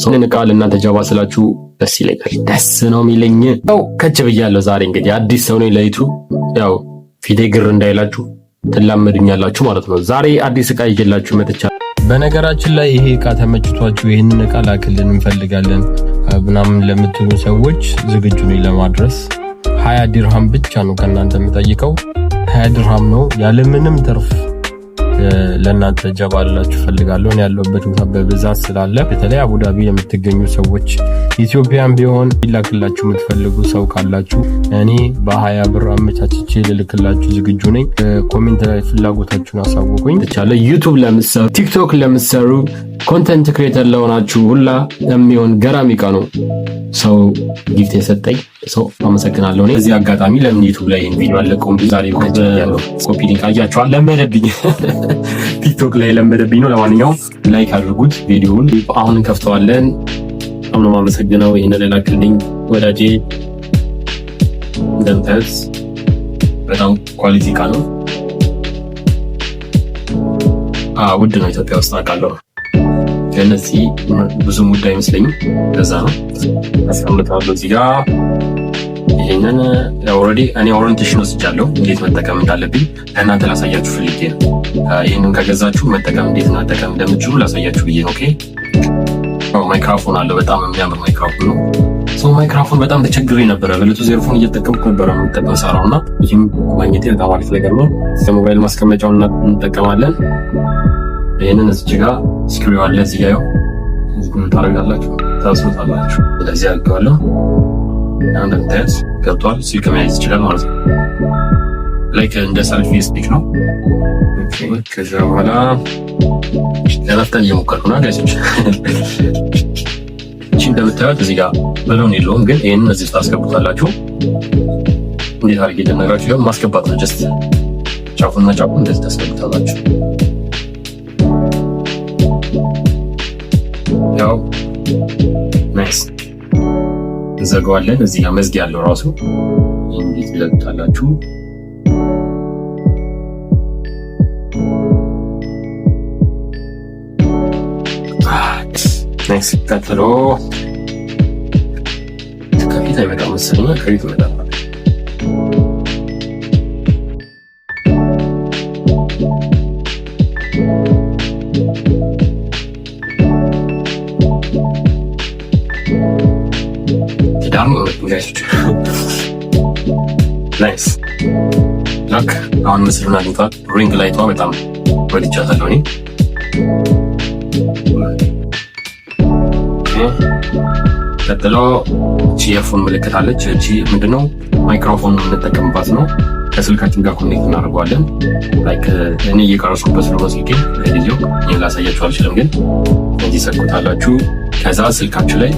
ይህንን ቃል እናንተ ጃባ ስላችሁ ደስ ይለኛል። ደስ ነው የሚለኝ። ያው ከች ብያለሁ። ዛሬ እንግዲህ አዲስ ሰው ነኝ ለይቱ። ያው ፊቴ ግር እንዳይላችሁ ትላመዱኛላችሁ ማለት ነው። ዛሬ አዲስ እቃ ይዤላችሁ መጥቻለሁ። በነገራችን ላይ ይሄ እቃ ተመችቷችሁ ይህንን እቃ ላክልን እንፈልጋለን ምናምን ለምትሉ ሰዎች ዝግጁ ነኝ ለማድረስ። ሀያ ዲርሃም ብቻ ነው ከእናንተ የምጠይቀው። ሀያ ዲርሃም ነው ያለምንም ትርፍ ለእናንተ ጀባ ልላችሁ ፈልጋለሁ። ያለሁበት ቦታ በብዛት ስላለ በተለይ አቡዳቢ የምትገኙ ሰዎች ኢትዮጵያን ቢሆን ይላክላችሁ የምትፈልጉ ሰው ካላችሁ እኔ በሀያ ብር አመቻችቼ ልልክላችሁ ዝግጁ ነኝ። ኮሜንት ላይ ፍላጎታችሁን አሳውቁኝ። ተቻለ ዩቱብ ለምሰሩ፣ ቲክቶክ ለምሰሩ፣ ኮንተንት ክሬተር ለሆናችሁ ሁላ የሚሆን ገራሚ እቃ ነው። ሰው ጊፍት የሰጠኝ ሰው አመሰግናለሁ። እኔ እዚህ አጋጣሚ ለምን ዩቱብ ላይ ይህን ቪዲዮ አለቀውም? ዛሬ ኮፒ ሊንክ አያቸዋል። ለመደብኝ፣ ቲክቶክ ላይ ለመደብኝ ነው። ለማንኛውም ላይክ አድርጉት ቪዲዮውን። አሁን እንከፍተዋለን። በጣም ነው የማመሰግነው። ይህንን ላክልኝ ወዳጄ። እንደምታዩት በጣም ኳሊቲ እቃ ነው። ውድ ነው ኢትዮጵያ ውስጥ አውቃለሁ። ለእነዚህ ብዙም ጉዳይ አይመስለኝም። ከዛ ነው አስቀምጠዋለሁ እዚህ ጋር ይሄንን ኦልሬዲ እኔ ኦሪንቴሽን ወስጃለሁ፣ እንዴት መጠቀም እንዳለብኝ ለእናንተ ላሳያችሁ ፈልጌ ነው። ይህንን ከገዛችሁ መጠቀም እንዴት መጠቀም እንደምችሉ ላሳያችሁ ብዬ ነው። ኦኬ ማይክራፎን አለው፣ በጣም የሚያምር ማይክራፎን ነው። ሰው ማይክራፎን በጣም ተቸግሬ ነበረ። በለቱ ዜርፎን እየተጠቀምኩ ነበረ የምጠቀም ሰራው እና ይህም ማግኘቴ በጣም አሪፍ ነገር ነው። ለሞባይል ማስቀመጫውን እንጠቀማለን። ይህንን እዚህ ጋ ስክሪው አለ። እዚህ ጋ ያው ታደርጋላችሁ? ታስወጣላችሁ። ስለዚህ አድርገዋለሁ እና እንደምታያት ገብቷል። ስልክ መያዝ ይችላል ማለት ነው። ላይክ እንደ ሰልፊ ስፒክ ነው። ከዚያ በኋላ ለመፍጠን እየሞከርኩ ነው ጋይሶች። እቺ እንደምታዩት እዚህ ጋር በለውን የለውም፣ ግን ይህንን እዚህ ታስገቡታላችሁ። እንዴት አድርጌ ልነግራችሁ ማስገባት ነው። ጀስት ጫፉና ጫፉ እንደዚህ ታስገቡታላችሁ። ናይስ። እንዘጋዋለን። እዚህ ጋር መዝጊያ ያለው ራሱ እንዴት ትለቁታላችሁ? ቀጥሎ ከፊት አይመጣም መሰለኝ፣ ከፊት ይመጣል። ኪዳኑ አሁን ምስሉን ላይቷ በጣም ወድቻታለሁ እኔ ቀጥሎ እቺ ምልክት አለች። እቺ ምንድነው ማይክሮፎን የምንጠቀምባት ነው። ከስልካችን ጋር ኮኔክት እናደርገዋለን። እኔ እየቀረሱበት ላሳያችሁ አልችልም፣ ግን ሰኩታላችሁ። ከዛ ስልካችሁ ላይ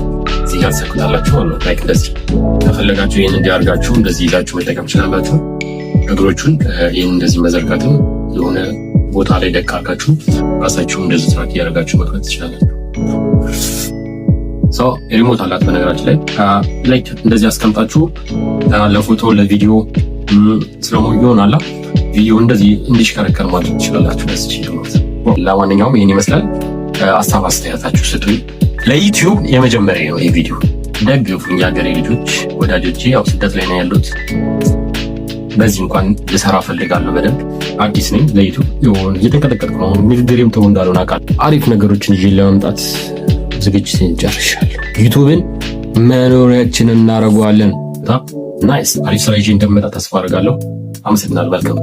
እንደዚህ እያሰኩታላችሁ ነው። ላይክ እንደዚህ ከፈለጋችሁ ይህን እንዲያርጋችሁ እንደዚህ ይዛችሁ መጠቀም ትችላላችሁ። እግሮቹን ይህን እንደዚህ መዘርጋትም የሆነ ቦታ ላይ ደቃርጋችሁ ራሳችሁ እንደዚህ ስራት እያደረጋችሁ መቅረት ትችላላችሁ። ሰው ሪሞት አላት በነገራችን ላይ ላይክ እንደዚህ አስቀምጣችሁ ለፎቶ ለቪዲዮ ስለሆነ ይሆናላ ቪዲዮ እንደዚህ እንዲሽከረከር ማድረግ ትችላላችሁ። ደስ ለማንኛውም ይህን ይመስላል። አሳብ አስተያየታችሁ ስጡኝ። ለዩቲዩብ የመጀመሪያ ነው ይህ ቪዲዮ። ደግፉኝ የሀገሬ ልጆች ወዳጆቼ፣ ያው ስደት ላይ ነው ያሉት። በዚህ እንኳን ልሰራ ፈልጋለሁ። በደንብ አዲስ ነኝ ለዩቲዩብ የሆነ እየተንቀጠቀጥኩ ነው። ንግግሬም ጥሩ እንዳልሆነ አውቃለሁ። አሪፍ ነገሮችን ይዤ ለመምጣት ዝግጅት ጨርሻለሁ። ዩቲዩብን መኖሪያችንን እናደርገዋለን። ናይስ አሪፍ ስራ ይዤ እንደምመጣ ተስፋ አድርጋለሁ። አመሰግናለሁ። መልካም